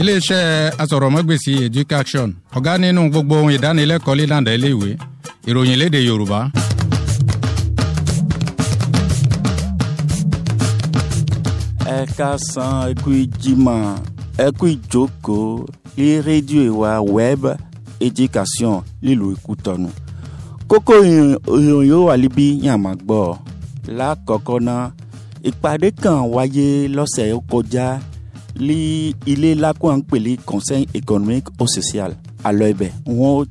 iléeṣẹ́ asọ̀rọ̀mọ́gbèsì education ọ̀gá nínú gbogbo ohun ìdánilẹ́kọ̀ọ́ lílànà iléèwé ìròyìn léde yorùbá. ẹ san ẹkú ìjìmọ̀ ẹkú ìjókòó lé rédíò ìwà wẹ́ẹ̀bù education lílo ìkútọ̀nù kókó ìròyìn ó wà níbí yàmà gbọ́ lákọ̀ọ́kọ́ náà ìpàdé kan wáyé lọ́sẹ̀ kọjá li ile lako à ń pè conseil économique au social àlọ́ ibẹ̀ wọ́n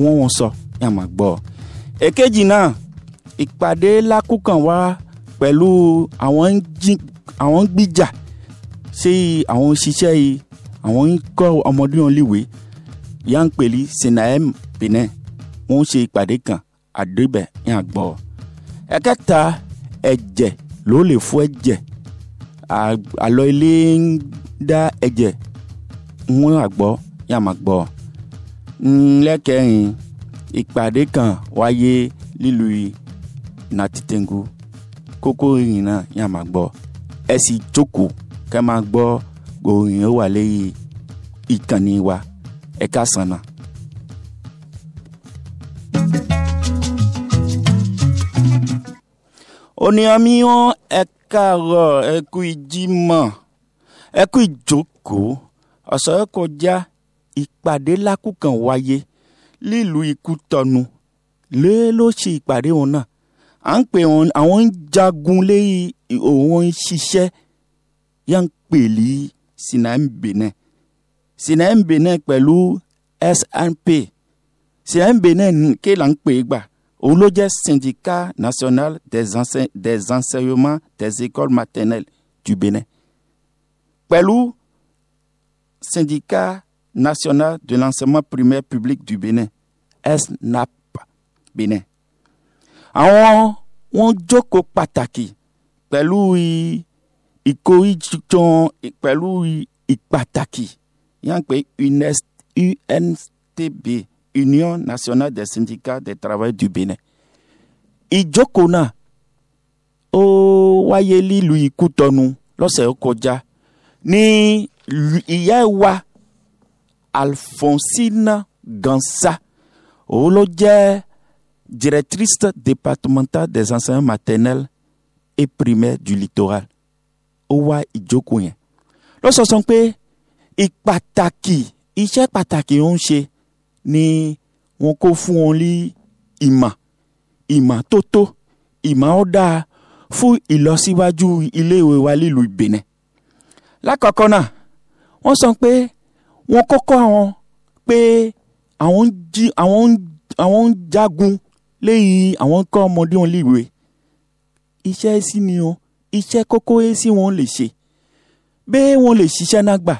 wọ́n sọ yà máa gbọ́. èkejì náà ìpàdé lákùkàn wá pẹ̀lú àwọn ń gbìjà sí àwọn òṣìṣẹ́ yìí àwọn ń kọ́ ọmọdé wọn léwe yà ń pè ní sinaem benin wọ́n ṣe ìpàdé kan àdébẹ̀ yà gbọ́. ẹ̀kẹta ẹ̀jẹ̀ ló lè fún ẹ̀jẹ̀ àlọ́ ilé ń dá ẹ̀jẹ̀ wọn àgbọ̀ yà máa gbọ́ ńlẹ́kẹ̀rin ìpàdé kan wáyé lílu nàtìtẹ̀ngù kókó ìrìn náà yà máa gbọ́ ẹ sì jókòó kẹ́ máa gbọ́ òrìn ó wà lẹ́yìn ìkànnì wa ẹ̀ka sànà. oníyanmi wọn ẹ̀ka káàárọ̀ ẹ kú ìjímọ̀ ẹ kú ìjókòó ọ̀sán kọjá ìpàdé lákùkàn wáyé lílùú ikú tọnu lé ló ṣe ìpàdé òun náà à ń pè wọn àwọn ń jagun lé òun ń ṣiṣẹ́ mbene ń pè lí SNP sinambe náà ké là ń pè Oulodia syndicat national des, enseignements des écoles maternelles du Bénin. Pélou, syndicat national de l'enseignement primaire public du Bénin, SNAP Bénin. Àwọn pataki. jókòó pàtàkì pẹ̀lú Pélou, pẹ̀lú ìpàtàkì yan pe UNSTB Union nationale des syndicats de Travail du Bénin. Ijokona ó wáyé Louis Ìkútọ̀nù lọ́sẹ̀ kọjá ni ni Alfonsina Alphonsine Gansa òun directrice départementale des enseignants maternels et primaires du littoral ouwa wá ìjókòó yẹn ló son Pataki. Ipataki ìpàtàkì ni wọn kò fún wọn ní ìmọ̀ ìmọ́tótó ìmọ̀ ó dáa fún ìlọsíwájú iléèwé wa lílùú Benin lákọ̀ọ́kọ́ náà wọ́n sọ pé wọ́n kọ́kọ́ àwọn pé àwọn ń jí àwọn ń àwọn ń jagun lẹ́yìn àwọn kọ́ ọmọdé wọn léèwé iṣẹ́ sí ni o iṣẹ́ kókó sí wọn lè ṣe bẹ́ẹ̀ wọn lè ṣiṣẹ́ náà gbà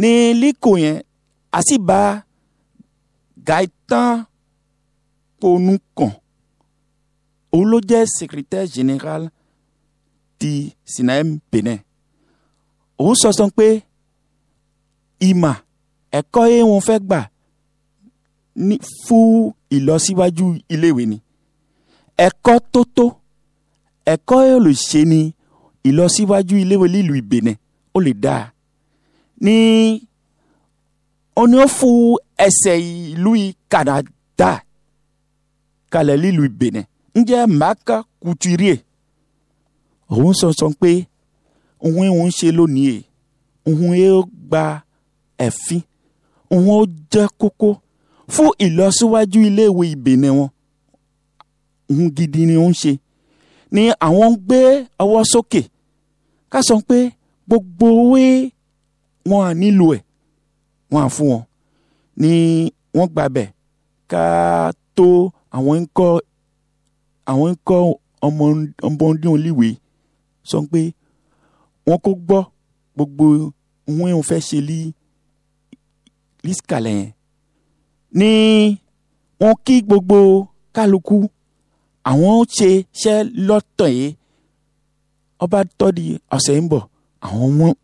ní líkò yẹn àsìbá Gaëtan Kponoukan òun ló jẹ́ secrétaire général ti Sinaim Benin òun sọsọ pé ìmà ẹ̀kọ́ yẹn wọn fẹ́ gbà fún ìlọsíwájú iléèwé ni ẹ̀kọ́ tó tó ẹ̀kọ́ yẹn lè ṣe ni ìlọsíwájú iléèwé lílu Benin ó lè dáa ni ó ní ó fou ẹsẹ̀ ìlú Kánádà kalẹ̀ lílu Benin ń jẹ́ Màkà Couturier òun sọ̀sọ̀ pé òun ń ṣe lónìí e. òun yóò gba ẹ̀fín òun ó jẹ́ kókó fún ìlọsíwájú iléèwé Benin wọn òun gidi ni ó ń ṣe ni àwọn ń gbé ọwọ́ sókè ká sọ pé gbogbo owó e, wọn à nílò ẹ̀ wọn à fún wọn ni wọ́n gbàbẹ̀ ká tó àwọn ń kọ́ àwọn ń kọ́ ọmọ ọmọdún olíwe sọ pé wọ́n kò gbọ́ gbogbo ohun ìhun fẹ́ ṣe lí lísìkàlẹ̀ yẹn ni wọ́n kí gbogbo kálukú àwọn ó ṣe iṣẹ́ lọ́tọ̀ yìí ọba tọ́di ọ̀sẹ̀ ń bọ̀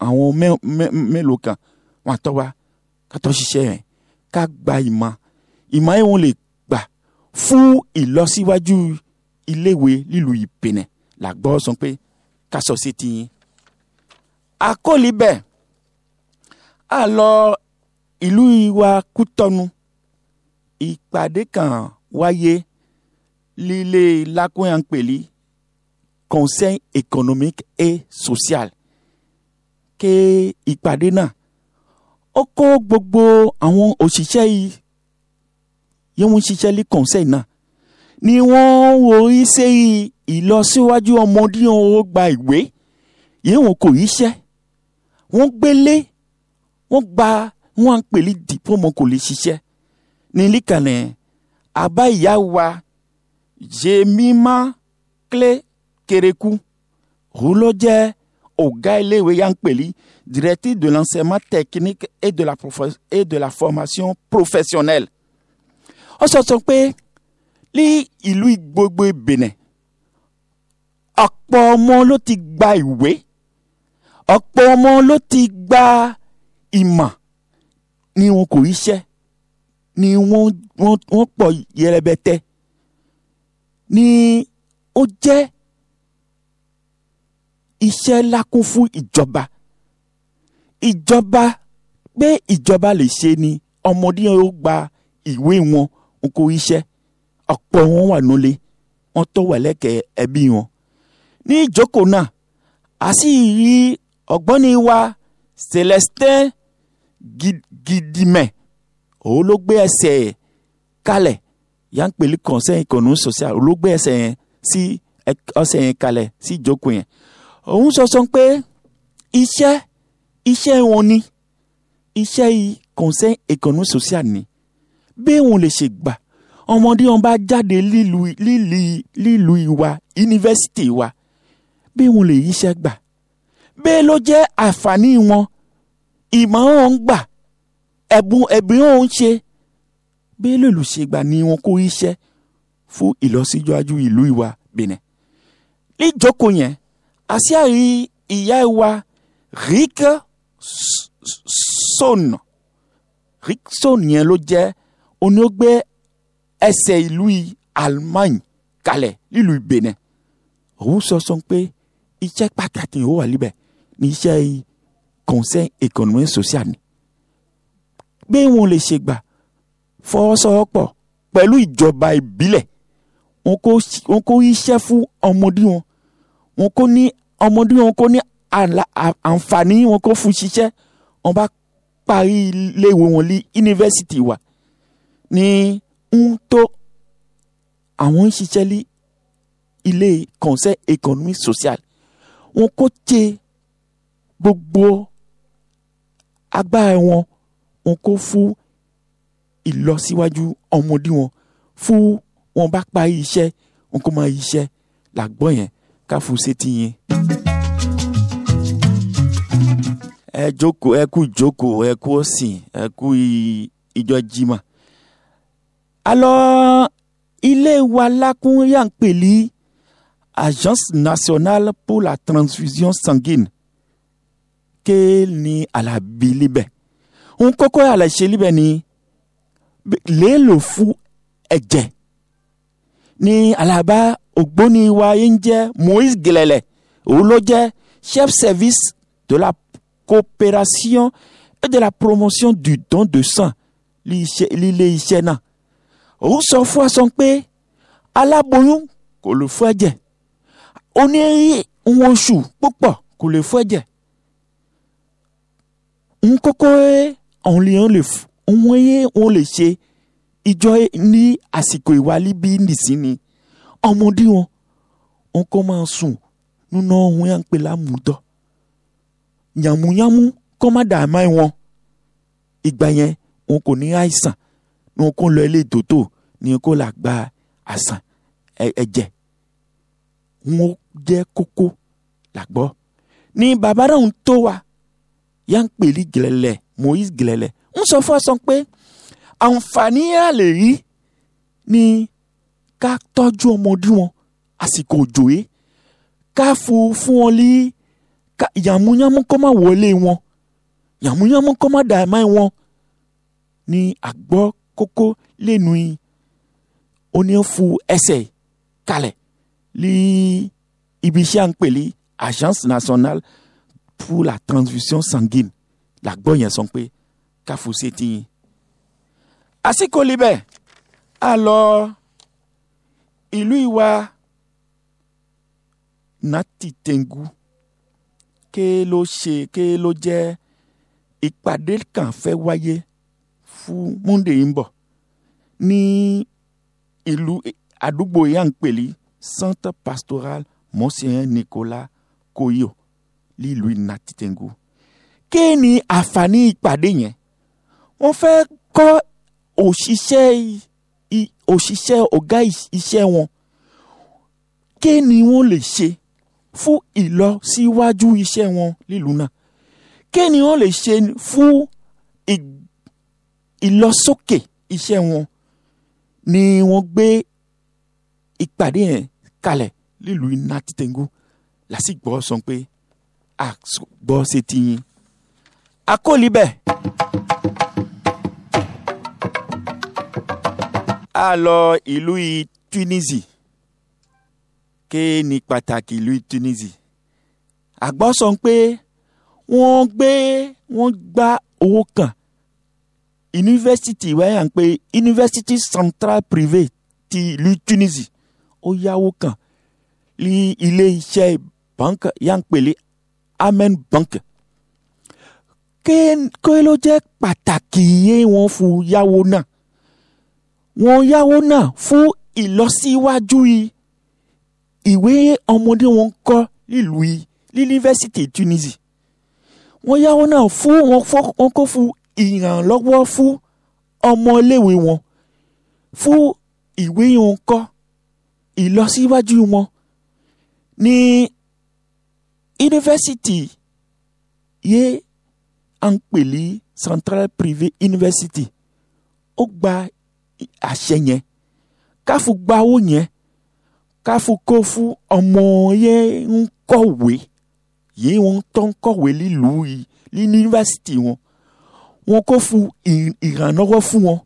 àwọn mélòó kan wọn àtọ́wá kátó ṣiṣẹ́ yẹn ká gba ìmọ̀ ìmọ̀ ìhun lè gbà fún ìlọsíwájú iléèwé lílu ìpènè la gbọ́ sọ pé ká sọ sí ti yín. àkọlé bẹ́ẹ̀ a lọ ìlú wa Kútọ́nu ìpàdé kan wáyé lílé lakunyanpeli conseil économique et social ké ìpàdé náà ó kó gbogbo àwọn òṣìṣẹ́ yìí yẹn wọ́n ṣiṣẹ́ lé kọ̀ǹsẹ́yìn náà ni wọ́n wò ó ṣe ìlọsíwájú ọmọdé wọn ó gba ìwé yẹn wọn kò yí ṣẹ́ wọ́n gbélé wọ́n gba wọ́n à ń pèlè dìpọ́mọ kò lè ṣiṣẹ́ ní líkànnì àbá ìyá wa jemima clé kereku òun ló jẹ́ ọ̀gá iléèwé yà ń pèlè directrice de l'enseignement technique et de la, et de la formation professionnelle. ó sọ sọ pé ní ìlú gbogbo Benin ọ̀pọ̀ ọmọ ló ti gba ìwé ọ̀pọ̀ ọmọ ló ti gba ìmọ̀ ni wọn kò ríṣẹ́ ni wọ́n wọ́n wọ́n ni ó jẹ́ iṣẹ́ lákún fún ìjọba ìjọba pé ìjọba lè ṣe ni ọmọdé yóò gba ìwé wọn nko iṣẹ́ ọ̀pọ̀ wọn wà nílé wọn tó wà lẹ́kẹ̀ẹ́ ẹbí wọn. ní ìjókòó náà a sì rí ọ̀gbọ́ni wa Celestin Gidime òun ló gbé ẹsẹ̀ kalẹ̀ yà ń pèlú conseil économique social òun ló gbé ẹsẹ̀ yẹn sí ẹsẹ̀ yẹn kalẹ̀ sí ìjókòó yẹn. òun sọ sọ pé iṣẹ́ iṣẹ́ wọn ni iṣẹ́ yìí concern economic social ni bẹ́ẹ̀ wọn lè ṣe gbà ọmọdé wọn bá jáde lílu ìwà yunifásitì wa bẹ́ẹ̀ wọn lè yíṣẹ́ gbà bẹ́ẹ̀ ló jẹ́ àǹfààní wọn ìmọ̀ràn ń gbà ẹ̀bùn ẹ̀bùn ò ń ṣe bẹ́ẹ̀ lòlù ṣe gbà ni wọn kó iṣẹ́ fún ìlọsíwájú ìlú ìwà Benin níjókòó yẹn àṣírí ìyá ìwà Rika Son Rickson yẹn ló jẹ́ oní ó gbé ẹsẹ̀ ìlú Almain kalẹ̀ nílùú Benin òun sọ sọ pé iṣẹ́ pàtàkì ó wà níbẹ̀ ní iṣẹ́ conseil économique social ni bí wọn lè ṣe gbà fọwọ́sowọ́pọ̀ pẹ̀lú ìjọba ìbílẹ̀ wọn kò iṣẹ́ fún ọmọdé wọn wọn kò ní ọmọdé wọn kò ní àǹfààní wọn kó fún ṣiṣẹ́ wọn bá parí iléèwé wọn lé yunifásitì wa ní ń tó àwọn ń ṣiṣẹ́ lé ilé conseil économique social wọn kó tẹ gbogbo agbára wọn wọn kó fún ìlọsíwájú ọmọdé wọn fún wọn bá parí iṣẹ́ wọn kó máa iṣẹ́ làgbọ́ yẹn káfù sétí yẹn. ẹ jókòó ẹ kú jókòó ẹ kú òsìn ẹ kú ìjọ jimá. alọ́ ilé wa lákún yà ń pèlí agence nationale pour la transfusion sanguine ké ni alábi libẹ̀ ń kọ́kọ́ yà lẹ́ ṣe libẹ̀ ni léèlò fún ẹ̀jẹ̀ ni alaba ògbóni wa yẹn ń jẹ́ moise gilẹ̀lẹ̀ òun ló jẹ́ chef service de la coopération et de la promotion du don de sang líle iṣẹ́ náà òun sọ fún aṣọ pé aláboyún kò lè fún ẹ̀jẹ̀ onírí ohun oṣù púpọ̀ kò lè fún ẹ̀jẹ̀ ń kókó ọ̀hún lè ń lè wọ́n yé wọn lè ṣe ìjọ ní àsìkò ìwà líbi nìsíni ọmọdé wọn wọn kò on commence e, e nous ohun yà ń la lámùdọ́ yàmùyàmù kọ́ má dà máa wọn ìgbà yẹn wọn kò ní àìsàn ní wọn kò lọ ilé ìdòtò ní wọn kò là gba àsàn ẹ̀jẹ̀ wọn jẹ́ kókó làgbọ́ ni bàbá náà ń tó wa yá ń pèlí gẹlẹ́lẹ̀ Moise gẹlẹ́lẹ̀ ń sọ fún ọsàn pé àǹfààní yà rí ni ká tọ́jú ọmọdé wọn àsìkò òjò yìí ká fún fún wọn lé ka yàmúyámú kó má wọlé wọn yàmúyámú kó má dà má wọn ní àgbọ́ kókó lẹ́nu yìí ó ní fu ẹsẹ̀ kalẹ̀ lé ibi iṣẹ́ à ń pè ní agence nationale pour la transfusion sanguine làgbọ́ yẹn sọ pé káfù sétí yìí àsìkò libẹ̀ a lọ ìlú ìwà nátìtẹ́ngù ké ló ṣe ké ló jẹ́ ìpàdé kan fẹ́ wáyé fún Monday ń bọ̀ ní ìlú àdúgbò yankpeli centre pastoral Monsieur Nicolas Koyo lílùú Inatitengu ké ni àǹfààní ìpàdé yẹn wọ́n fẹ́ kọ́ òṣìṣẹ́ òṣìṣẹ́ ọ̀gá iṣẹ́ wọn ké ni wọ́n lè ṣe fún ìlọsíwájú iṣẹ́ wọn nílùú náà kí ni wọ́n lè ṣe fún ìlọsókè iṣẹ́ wọn ni wọ́n gbé ìpàdé yẹn kalẹ̀ nílùú iná títẹ̀ngú lásìgbọ́ sọ pé àgbọ̀ ṣe ti yín àkọlé bẹ́ẹ̀. a lọ ìlú Tunisie ké ní pàtàkì ìlú Tunisi àgbọ́ sọ pé wọ́n gbé wọ́n gba owó kan yunifásitì wáyà ń pé yunifásitì centrale privée ti ìlú Tunisi ó yáwó kan ní ilé bank yà ń pèlè Amen Bank kí ló jẹ́ pàtàkì yé wọ́n fún yáwó náà wọ́n yáwó náà fún ìlọsíwájú ìwé ọmọdé wọn kọ́ nílùú yìí ní yunifásitì Tunisia wọ́n yáwó náà fún wọn kó fún ìrànlọ́wọ́ fún ọmọléèwé wọn fún ìwé wọn kọ́ ìlọsíwájú wọn ní yunifásitì yé à ń pè ní central privé university ó gba àṣẹ yẹn káfù gba owó yẹn káfukófu ọmọ yẹn ń kọ̀wé yìí wọ́n tó ń kọ̀wé nílùú yìí ní yunifásitì wọn wọn kò fún ìrànlọ́wọ́ fún wọn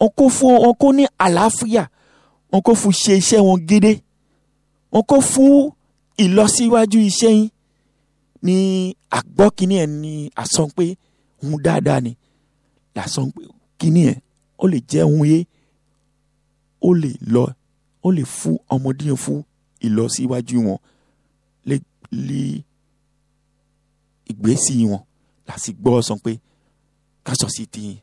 wọn kò fún wọn kò ní àlàáfíà wọn kò fún ṣe iṣẹ́ wọn gédé wọn kò fún ìlọsíwájú iṣẹ́ yín ní àgbọ́ kínní ẹ̀ ní àsán pé dáadáa ni làsán pé kínní ẹ̀ ó lè jẹ́ òun yé ó lè lọ ó lè fún ọmọdé yẹn fún ìlọsíwájú wọn lé ìgbésí wọn láti gbọ́ sọ pé káṣọ sí ti yín.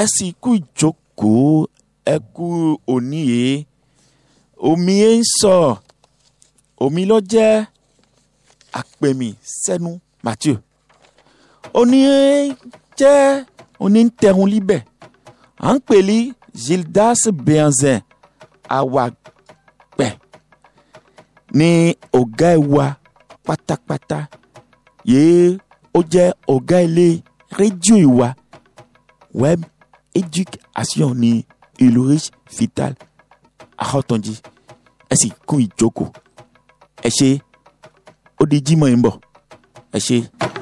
ẹ sì kú ìjókòó ẹ kú òní yìí e. omi ẹ e ń sọ omi ló jẹ́ àpèmí sẹ́nu Matthew oní e jẹ́ onítẹ̀hún líbẹ̀ à ń pè Gildas Benzin Awa awàgbẹ̀ ní ọ̀gá wa pátápátá yìí ó jẹ́ ọ̀gá ilé rédíò ìwà web education ní Ulrich Vital Ahotonji ẹ sì kú ìjókòó ẹ ṣe ó di Jímọ̀ ń bọ̀ ẹ ṣe.